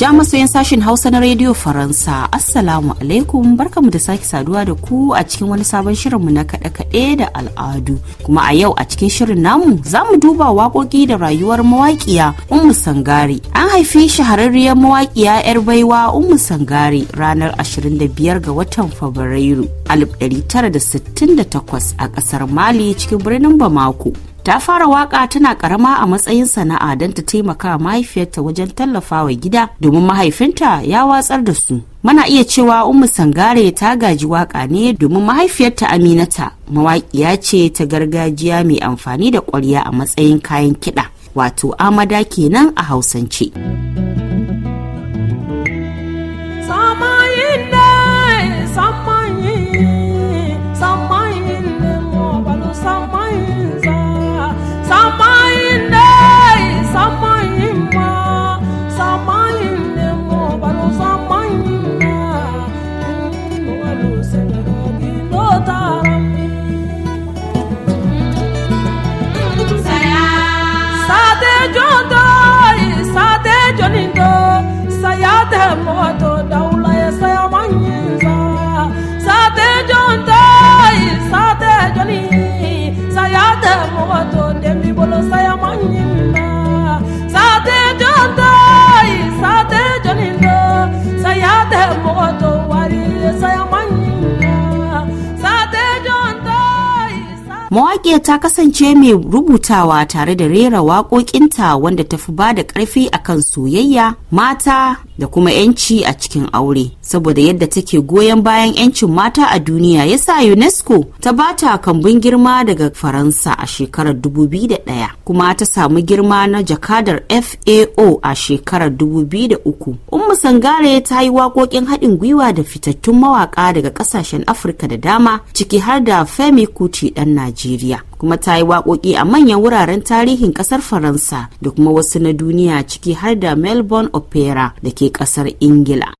Ja masoyan sashen Hausa na Radio Faransa, Assalamu alaikum barkamu da sake saduwa da ku a cikin wani sabon shirinmu na kaɗe-kaɗe da al'adu. Kuma a yau a cikin shirin namu za mu duba waƙoƙi da rayuwar mawaƙiya Ummu Sangari. An haifi shahararriyar mawaƙiya 'yar baiwa Ummu Sangari ranar 25 ga watan Fabrairu 1968 a ƙasar Mali cikin birnin Bamako. ta fara waka tana karama a matsayin sana'a don ta taimaka mahaifiyarta wajen tallafawa gida domin mahaifinta ya watsar da su mana iya cewa ummu sangare ta gaji waka ne domin mahaifiyarta aminata mawaƙiya ce ta gargajiya mai amfani da ƙwarya a matsayin kayan kiɗa wato amada kenan a hausance. Roƙe ta kasance mai rubutawa tare da rera waƙoƙinta wanda ta fi ba da ƙarfi a kan soyayya, mata da kuma 'yanci a cikin aure. Saboda yadda take goyon bayan 'yancin mata a duniya ya sa UNESCO ta ba ta kambun girma daga Faransa a shekarar 2001 kuma ta samu girma na jakadar FAO a shekarar 2003. umma Sangare ta yi waƙoƙin haɗin gwiwa da fitattun mawaƙa daga ƙasashen Afirka da dama ciki har da Femi Kuti ɗan Najeriya. duniya kuma ta yi waƙoƙi a manyan wuraren tarihin ƙasar faransa da kuma wasu na duniya ciki har da melbourne opera da ke ƙasar ingila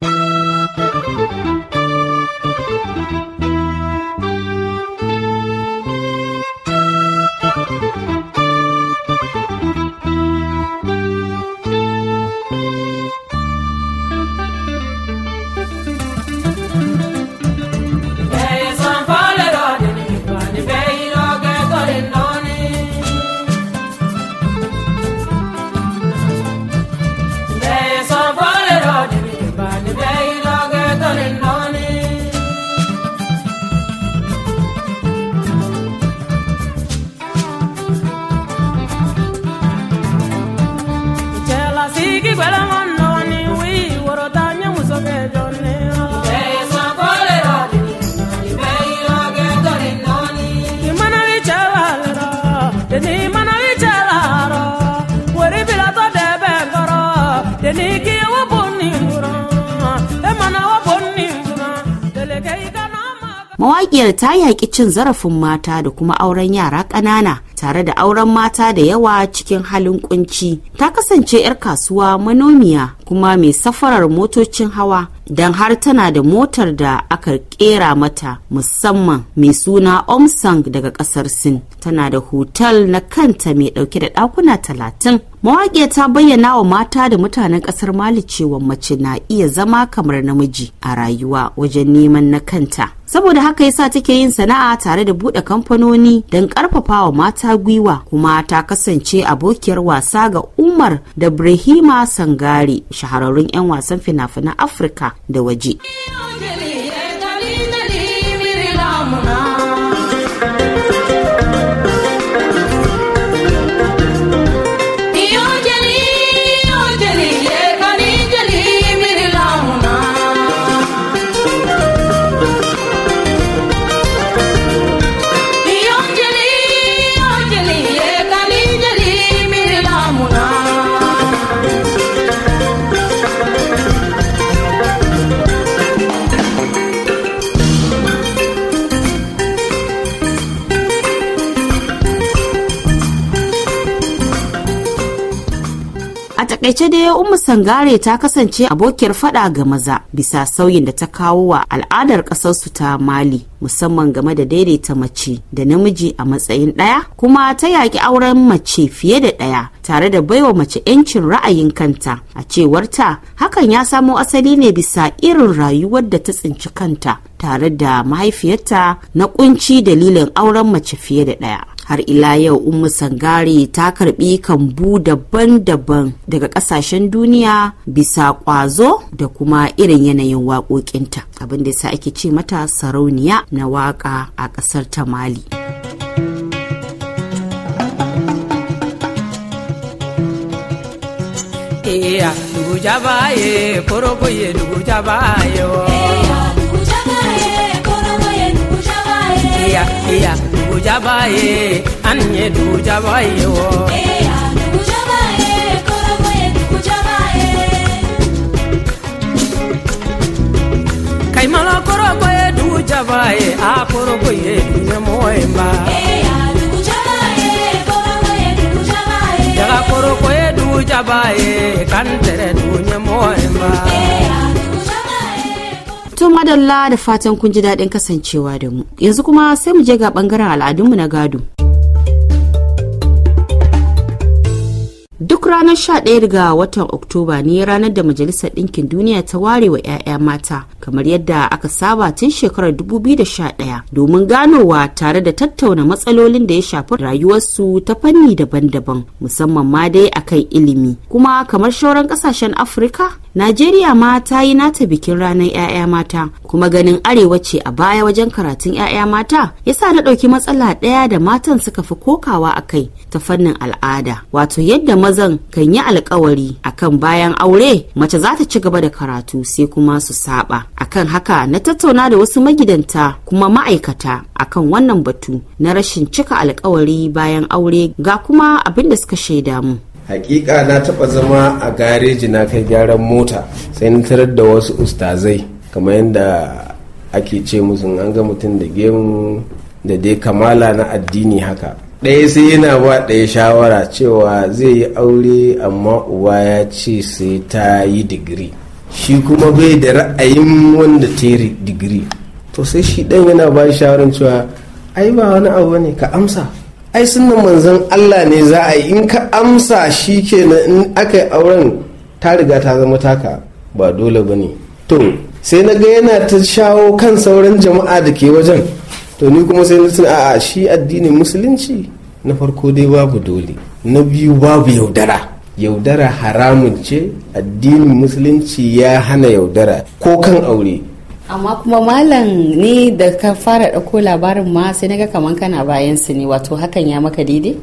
yarda ta yaƙi cin zarafin mata da kuma auren yara ƙanana tare da auren mata da yawa cikin halin kunci ta kasance 'yar kasuwa manomiya kuma mai safarar motocin hawa don har tana da motar da aka kera mata musamman mai suna omsang daga kasar sin tana da hotel na kanta mai dauke da dakuna talatin mawaƙiya ta bayyana wa mata da mutanen ƙasar mali cewa mace na iya zama kamar namiji a rayuwa wajen neman na kanta saboda haka yasa take yin sana'a tare da buɗe kamfanoni don wa mata gwiwa kuma ta kasance abokiyar wasa ga Umar da Brahima sangari shahararrun 'yan wasan fina-finan Afirka da waje. takaice dai ummu sangare ta kasance abokiyar fada ga maza bisa sauyin da ta kawo wa al'adar ƙasarsu ta mali musamman game da daidaita mace da namiji a matsayin ɗaya kuma ta yaƙi auren mace fiye da ɗaya tare da baiwa mace 'yancin ra'ayin kanta a cewarta hakan ya samo asali ne bisa irin rayuwar da ta tsinci kanta tare da mahaifiyarta na kunci dalilin auren mace fiye da ɗaya har ila yau umma sangare ta karbi kambu daban-daban daga kasashen duniya bisa kwazo da kuma irin yanayin waƙoƙinta abin da sa ake ce mata sarauniya na waƙa a ƙasar ta mali Eya, eh, dugu jabaye, eh, ye, dugu oh. Eh, Eya. eya eya dugujaba ye an ye dugujaba ye wɔ. kaimala kɔrɔbɔ ye dugujaba ye a kɔrɔbɔ ye dugujɛmɔgɔ ye ba. jaga kɔrɔbɔ ye dugujaba ye kan tɛrɛ dugujɛmɔgɔ ye ba. To madalla da fatan kun ji daɗin kasancewa da mu. Yanzu kuma sai mu je ga ɓangaren al'adunmu na gado. Duk ranar 11 ga watan Oktoba ne ranar da Majalisar Ɗinkin Duniya ta ware wa 'ya'ya mata kamar yadda aka saba tun shekarar 2011 domin ganowa tare da tattauna matsalolin da ya shafi rayuwarsu ta fanni daban-daban musamman ma dai akan ilimi kuma kamar shauran kasashen afirka najeriya ma ta yi nata bikin ranar 'ya'ya mata kuma ganin arewa ce a baya wajen karatun 'ya'ya mata yasa na ɗauki matsala ɗaya da matan suka fi kokawa a kai ta fannin al'ada wato yadda mazan kan yi alkawari akan bayan aure mace za ta ci gaba da karatu sai kuma su saba akan haka na tattauna da wasu magidanta kuma ma'aikata akan wannan batu na rashin cika alkawari bayan aure ga kuma abin da suka shaida mu hakika na taba zama a gareji na kai gyaran mota sai na tarar da wasu ustazai kamar yadda ake ce musu an ga mutum da gemu da dai kamala na addini haka ɗaya sai yana ba ɗaya shawara cewa zai yi aure amma uwa ya ce sai ta yi digiri shi kuma bai da ra'ayin wanda ta yi digiri to sai shi ɗan yana ba shawarar cewa ai ba wani abu ne ka amsa ai sunan manzon Allah ne za a yi in ka amsa shi kenan in aka yi auren ta riga ta zama taka ba dole ba ne to sai na ga yana ta shawo kan sauran jama'a da ke wajen to ni kuma sai na tuna a'a shi addinin musulunci na farko dai babu dole na biyu babu yaudara yaudara haramun ce addinin musulunci ya hana yaudara ko kan aure amma kuma malam ni da ka fara ɗauko labarin ma sai naga kaman kana bayan su ne wato hakan ya maka daidai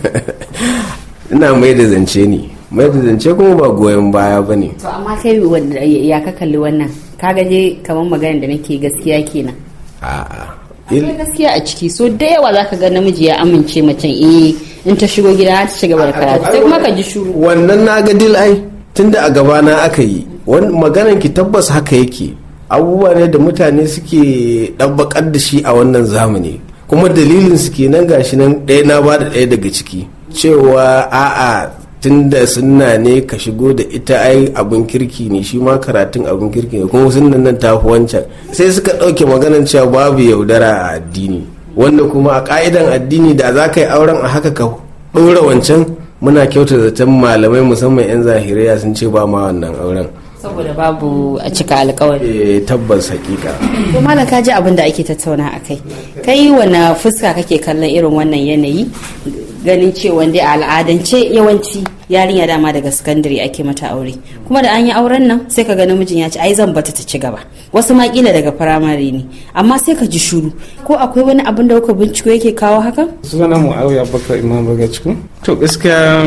ina mai da zance ne mai da zance kuma ba goyon baya ba ne to amma kai ya ka kalli wannan ka gaje kaman magana da nake gaskiya kenan a'a gaskiya a ciki so da yawa zaka ga namiji ya amince macen eh in ta shigo gida ta ci gaba da karatu sai kuma ka ji shuru wannan na ga dil ai tunda a gaba na aka yi maganan ki tabbas haka yake abubuwa ne da mutane suke ɗabbaƙar da shi a wannan zamani kuma dalilin su kenan gashi nan ɗaya na ba da ɗaya daga ciki cewa a'a tunda sunna ne ka shigo da ita ai abin kirki ne shi ma karatun abin kirki ne kuma sunnan nan tafi wancan sai suka ɗauke maganan cewa babu yaudara a addini wanda kuma a ka'idan addini da za ka yi auren a haka ka ɗora wancan muna kyauta zaton malamai musamman 'yan zahiriya sun ce ba ma wannan auren saboda babu a cika alkawari eh tabbas hakika kuma na kaji abin da ake tattauna a kai kai wani fuska kake kallon irin wannan yanayi ganin cewa dai a al'adance yawanci yarinya dama daga sakandare ake mata aure kuma da an yi auren nan sai ka ga namijin ya ce ai zan bata ta ci gaba wasu ma kila daga firamare ne amma sai ka ji shuru ko akwai wani abin da kuka binciko yake kawo haka suna mu auya baka imam Cikin. to gaskiya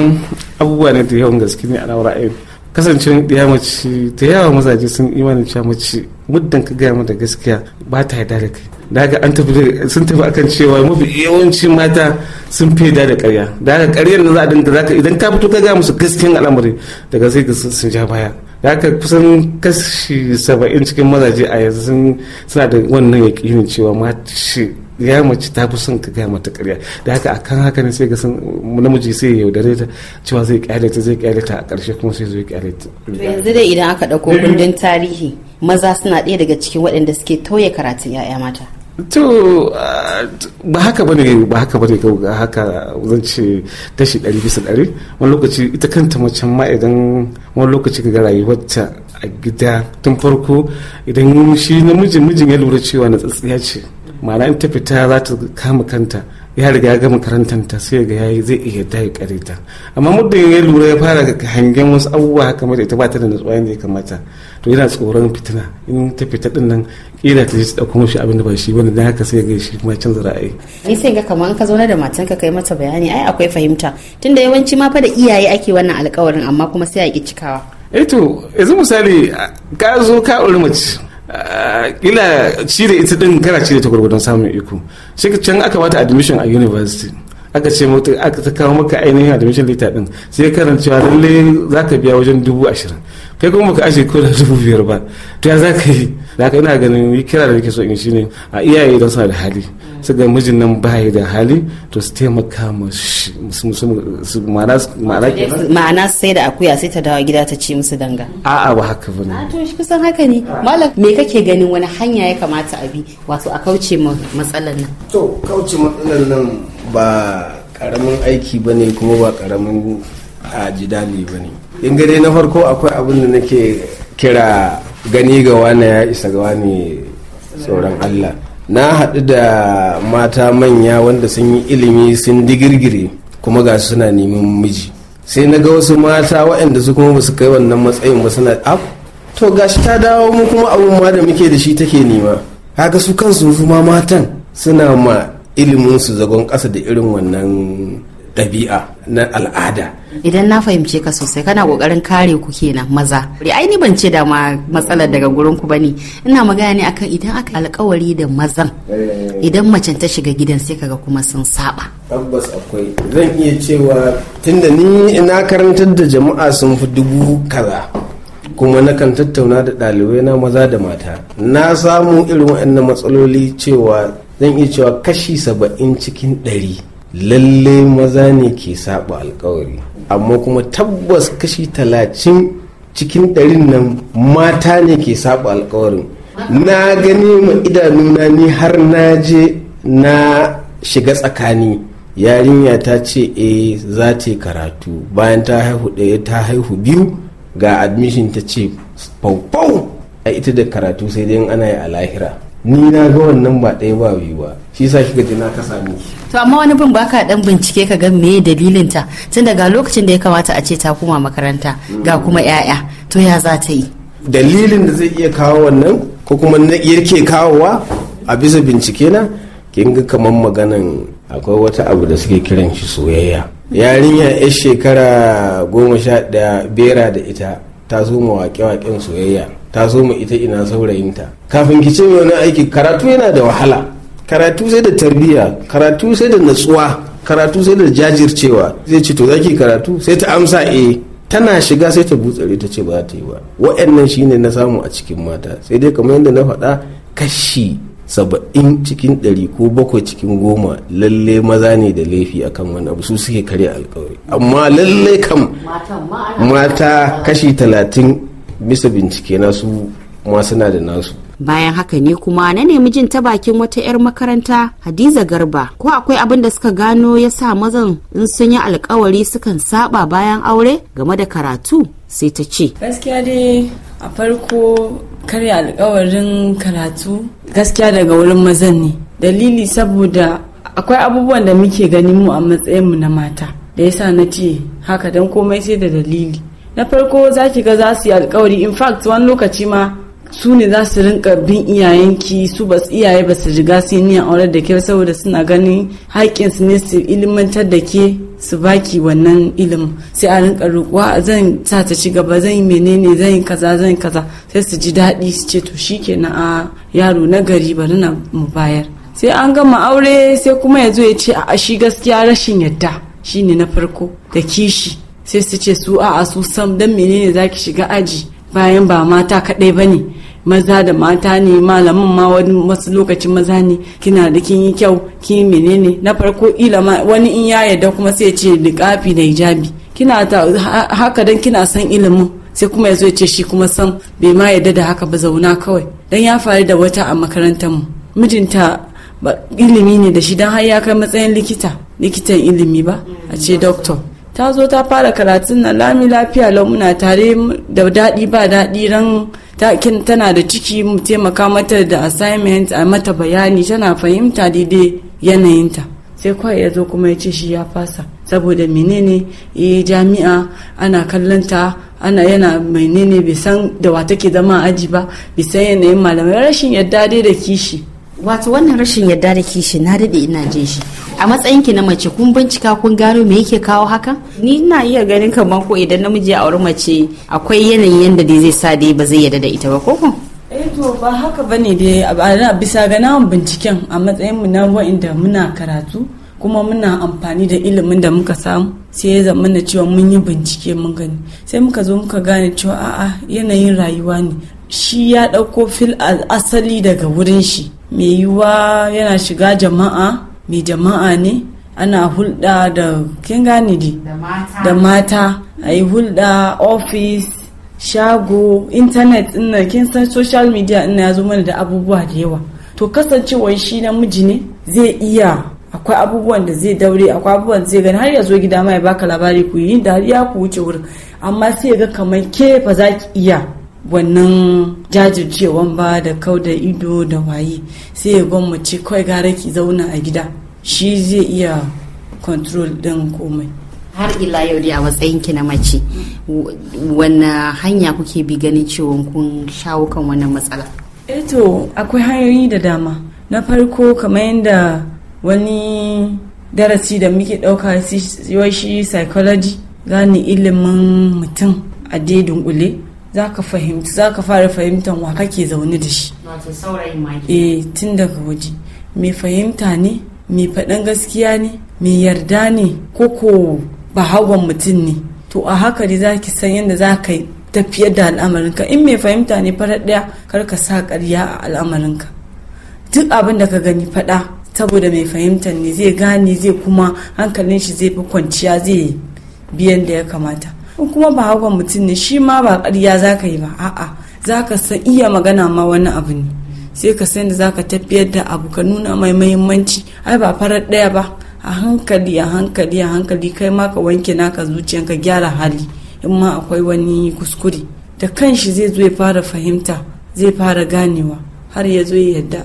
abubuwa ne da yawan gaske ne a ra'ayin kasancewar mace da yawa mazaje sun imanin cewa mace muddin ka gaya mata gaskiya ba ta yarda da kai daga an tafi sun tafi akan cewa mafi yawancin mata sun fi da karya daga karyar da za a zaka idan ka fito ka ga musu gaskiyan al'amari daga sai ka sun ja baya haka kusan kashi saba'in cikin mazaje a yanzu suna da wannan yaƙinin cewa mace ya mace ta fi son ka gaya mata karya da haka akan haka ne sai ga san namiji sai ya yaudare ta cewa zai ƙyale ta zai ƙyale ta a ƙarshe kuma sai zai ƙyale. ta yanzu dai idan aka ɗauko kundin tarihi maza suna ɗaya daga cikin waɗanda suke tauye karatun 'ya'ya mata to ah, ba haka bane ba haka bane ga haka zan ce tashi ɗari bisa ɗari wani lokaci ita kanta macen ma idan wani lokaci ga rayuwarta a gida tun farko idan shi namijin mijin ya lura cewa na tsatsiya ce ma'ana in ta fita za ta kama kanta ya riga ya gama ta sai ga yayi zai iya dai kare ta amma muddin ya lura ya fara hangen wasu abubuwa haka mai ta bata da natsuwa yadda ya kamata to yana tsoron fitina in ta fita din nan kila ta ji ta kuma shi abin da ba shi bane dan haka sai ga shi kuma canza ra'ayi ni sai ga kamar ka zauna da matan ka kai mata bayani ai akwai fahimta tunda yawanci ma fa da iyaye ake wannan alƙawarin amma kuma sai a ki cikawa eh to yanzu misali ka zo ka aure mace kila cire ita din kana cire ta gurgudun samun iko sai ka can aka bata admission a university aka ce mota aka ta kawo maka ainihin admission lita din sai karancewa lalle za ka biya wajen dubu ashirin kai kuma baka ajiye ko da dubu biyar ba to ya za ka yi da ina ganin kira da nake so in shine a iyaye don suna da hali su ga mijin nan bai da hali to su taimaka musu ma'ana sai da akuya sai ta dawo gida ta ci musu danga a'a ba haka ba ne ah, to shi kusan haka ne malam me kake ganin wani hanya ya kamata a bi wato a kauce matsalan nan to kauce matsalan nan ba karamin aiki ba ne kuma ba karamin a ba ne in gare na farko akwai abin da nake kira gani ga wane ya isa ga wani tsoron allah na haɗu da mata manya wanda sun yi ilimi sun digirgire kuma ga suna neman miji sai na ga wasu mata waɗanda su kuma basu kai wannan matsayin ba suna ab to gashi ta dawo mu kuma abun ma da muke da shi take nema haka su kansu su ma matan suna ma ilimin su zagon ƙasa da irin wannan ɗabi'a na al'ada idan na fahimce ka sosai kana kokarin kare ku kenan maza ai aini ban ce da ma matsalar daga gurin ku bane ina magana ne akan idan aka alƙawari da mazan eh. idan macen ta shiga gidan sai kaga kuma sun saba tabbas akwai zan iya cewa tunda ni ina karantar da jama'a sun fi dubu kaza kuma nakan tattauna da ɗalibai na maza da mata na samu irin waɗannan matsaloli cewa zan iya cewa kashi saba'in cikin ɗari lalle maza ne ke saba alkawari amma kuma tabbas kashi talacin cikin ɗarin nan mata ne ke saba alkawarin na gani ma idanuna ni har na je na shiga tsakani yarinya ta ce e za ta karatu bayan ta haihu ɗaya ta haihu biyu ga admission ta ce faufau a ita da karatu sai dai ana yi a lahira ni na ga wannan ba ɗaya ba biyu ba shi sa kika ji na kasa miki to amma wani bin baka ɗan bincike ka ga me dalilin ta tun daga lokacin da ya kamata a ce ta koma makaranta ga kuma yaya to ya za ta yi dalilin da zai iya kawo wannan ko kuma na yake kawowa a bisa bincike na kin ga kamar maganan akwai wata abu da suke kiran shi soyayya yarinya yar shekara goma sha ɗaya bera da ita ta zo mawaƙe-waƙen soyayya ta zo mu ita ina saurayinta kafin ki ce wani aiki karatu yana da wahala karatu sai da tarbiyya karatu sai da natsuwa karatu sai da jajircewa zai ce to zaki karatu sai ta amsa e tana shiga sai ta butsare ta ce ba ta yi ba wa'annan shine na samu a cikin mata sai dai kamar yadda na faɗa kashi saba'in cikin ɗari ko bakwai cikin goma lalle maza ne da laifi akan wani abu su suke karya alkawari amma lalle kam mata kashi talatin bisa bincike nasu su ma suna da nasu bayan haka ne kuma na nemi jin ta bakin wata 'yar makaranta hadiza garba ko akwai abin da suka gano ya sa mazan in sun yi alkawari sukan saba bayan aure game da karatu sai ta ce gaskiya dai a farko karya alkawarin karatu gaskiya daga wurin mazan ne dalili saboda akwai abubuwan da muke ganin mu a matsayin mu na mata da yasa na ce haka don komai sai da dalili na farko za ki ga za su yi alkawari in fact wani lokaci ma su ne za su rinka bin iyayenki su ba iyaye ba su riga su yi aure da ke saboda suna ganin haƙƙin su ne su ilimantar da ke su baki wannan ilimin sai a rinka rukuwa zan sa ta ci gaba zan yi menene zan yi kaza zan yi kaza sai su ji daɗi su ce to na a yaro na gari bari na mu bayar sai an gama aure sai kuma ya zo ya ce a shi gaskiya rashin yadda shi ne na farko da kishi sai su ce su a su sam dan menene zaki shiga aji bayan ba mata kaɗai ba ne maza da mata ne malamin ma wani wasu lokacin maza ne kina da kin yi kyau kin menene na farko ila wani in ya yarda kuma sai ce liƙafi da hijabi kina ta haka dan kina san ilimin sai kuma ya zo ce shi kuma san bai ma yarda da haka ba zauna kawai dan ya faru da wata a makarantar mu mijinta ilimi ne da shi dan har ya kai matsayin likita likitan ilimi ba a ce doctor ta zo ta fara karatun na lami lafiya lau muna tare da daɗi ba daɗi ran takin tana da ciki mu taimaka mata da assignment a mata bayani tana fahimta daidai yanayinta sai kawai ya zo kuma ya ce shi ya fasa saboda menene eh, jami'a ana kallonta ana yana menene bai san da wa take zama aji ba bai san yanayin malamai rashin yadda dai da kishi wato wannan rashin yarda da kishi na daɗe ina jin shi a matsayin ki na mace kun bincika kun gano me yake kawo haka ni ina iya ganin kamar ko idan namiji ya auri mace akwai yanayin yanda dai zai sa dai ba zai yarda da ita ba koko eh to ba haka bane dai a bisa ga nawan binciken a matsayin mu na wa'inda muna karatu kuma muna amfani da ilimin da muka samu sai ya zama na cewa mun yi bincike mun gani sai muka zo muka gane cewa a'a yanayin rayuwa ne shi ya ɗauko fil asali daga wurin shi mai yiwuwa yana shiga jama'a mai jama'a ne ana hulɗa da kin gane di da mata a yi hulɗa ofis shago intanet ina kin san social media ina ya zo mana da abubuwa da yawa to kasancewar shi namiji ne zai iya akwai abubuwan da zai daure akwai abubuwan da zai gani har ya zo gida ma ya baka labari ku yi da har ya ku wuce wurin amma sai ya ga kamar ke ba za ki iya wannan jajircewan ba da kau da ido da waye sai ya gwammace kawai gara ki zauna a gida shi zai iya control din komai har ila yau dai a matsayin ki na mace wanne hanya kuke bi ganin cewa kun shawo kan wannan matsala eto eh akwai hanyoyi da dama na farko kamar yadda wani darasi da muke ɗauka shi psychology gane ilimin mutum a dai dunkule za ka fahimci za ka fara fahimtar wa kake zaune da shi e tun daga waje mai fahimta ne mai faɗin gaskiya ne mai yarda ne ko ko bahagon mutum ne to a haka dai za ki san yadda za ka tafiyar da al'amarinka in mai fahimta ne fara ɗaya kar ka sa ƙarya a al'amarinka duk abin da ka gani faɗa saboda mai fahimtar ne zai gane zai kuma hankalin shi zai fi kwanciya zai biyan da ya kamata in kuma ba hawa mutum ne shi ma ba ƙarya za ka yi ba a'a za ka san iya magana ma wani abu ne sai ka san da za ka tafiyar da abu ka nuna mai mahimmanci ai ba farar ɗaya ba a hankali a hankali a hankali kai ma ka wanke naka zuciyan ka gyara hali in ma akwai wani kuskure da kanshi zai zo ya fara fahimta zai fara ganewa har ya zo ya yadda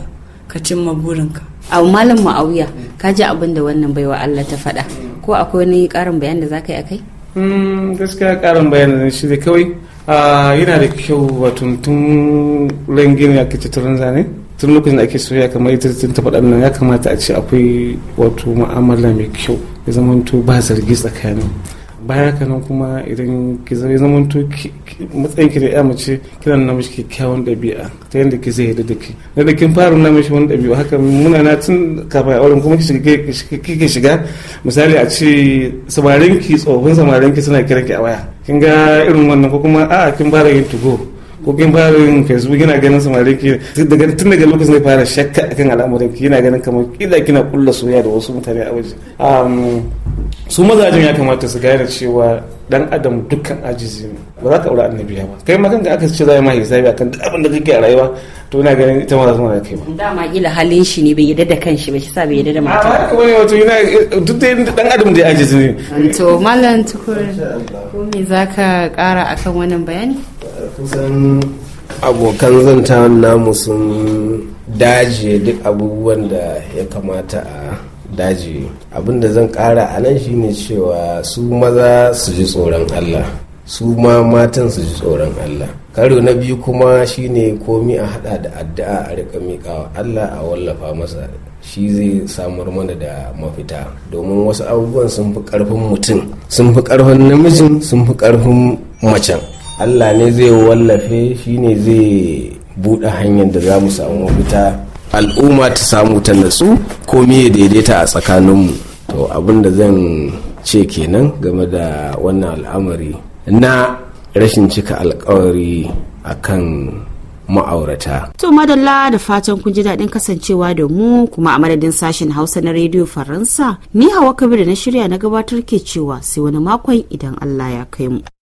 ka cimma burinka a malam mu'awiya ka ji abin da wannan baiwa Allah ta faɗa ko akwai wani ƙarin bayan da za ka yi a kai Mm, gaskiya karin bayanan shi da kawai ah, yana da kyau wato tun rangin ya kace turan zane tun lokacin da ake soya kamar ita tun ta faɗa nan ya kamata a ce akwai wato mu'amala mai kyau ya zama to ba zargi tsakanin baya ka nan kuma idan ki ya zama to matsayin ki da ya mace kina nuna mishi kyakkyawan ɗabi'a ta yadda ki zai yadda da ki na da kin fara nuna mishi wani ɗabi'a haka muna na tun kafin a auren kuma kike shiga misali a ce samarin ki tsohon samarin ki suna kiran ki a waya kin ga irin wannan ko kuma a'a kin fara yin tugo ko kin fara yin facebook yana ganin samari ki daga tun daga lokacin da fara shakka akan al'amuran ki yana ganin kamar kila kina kulla soyayya da wasu mutane a waje um, su mazajin ya kamata su gane cewa dan adam dukkan ajizi ne ba za ka aure annabiya ba kai ma kanka aka ce za ma hisabi akan duk abin da kake a rayuwa to ina ganin ita ma za ta da kai ba dama kila halin shi ne bai yadda da kanshi ba shi sa bai yadda da mata ba kuma wato ina duk da dan adam da ajizi ne to mallan tukur ko me zaka kara akan wannan bayani kusan abokan zantawan namu sun daje duk abubuwan da ya kamata a daji abinda zan kara a nan shine cewa su maza su ji tsoron allah su ma matan su ji tsoron allah karo na biyu kuma shine komi a hada da addu'a a rika wa allah a wallafa masa shi zai samar mana da mafita domin wasu abubuwan sun fi karfin mutum sun fi karfin namijin sun fi karfin macen allah ne zai wallafe shine zai buɗe hanyar da za mu samu mafita al'umma ta samu ta natsu ko miye daidaita a tsakaninmu to abin da zan ce kenan game da wannan al'amari na rashin cika alkawari a kan ma'aurata. To madalla da fatan kun ji daɗin kasancewa da mu kuma a madadin sashen Hausa na rediyo Faransa ni hawa kabir na shirya na gabatar ke cewa sai wani makon idan Allah ya kai mu.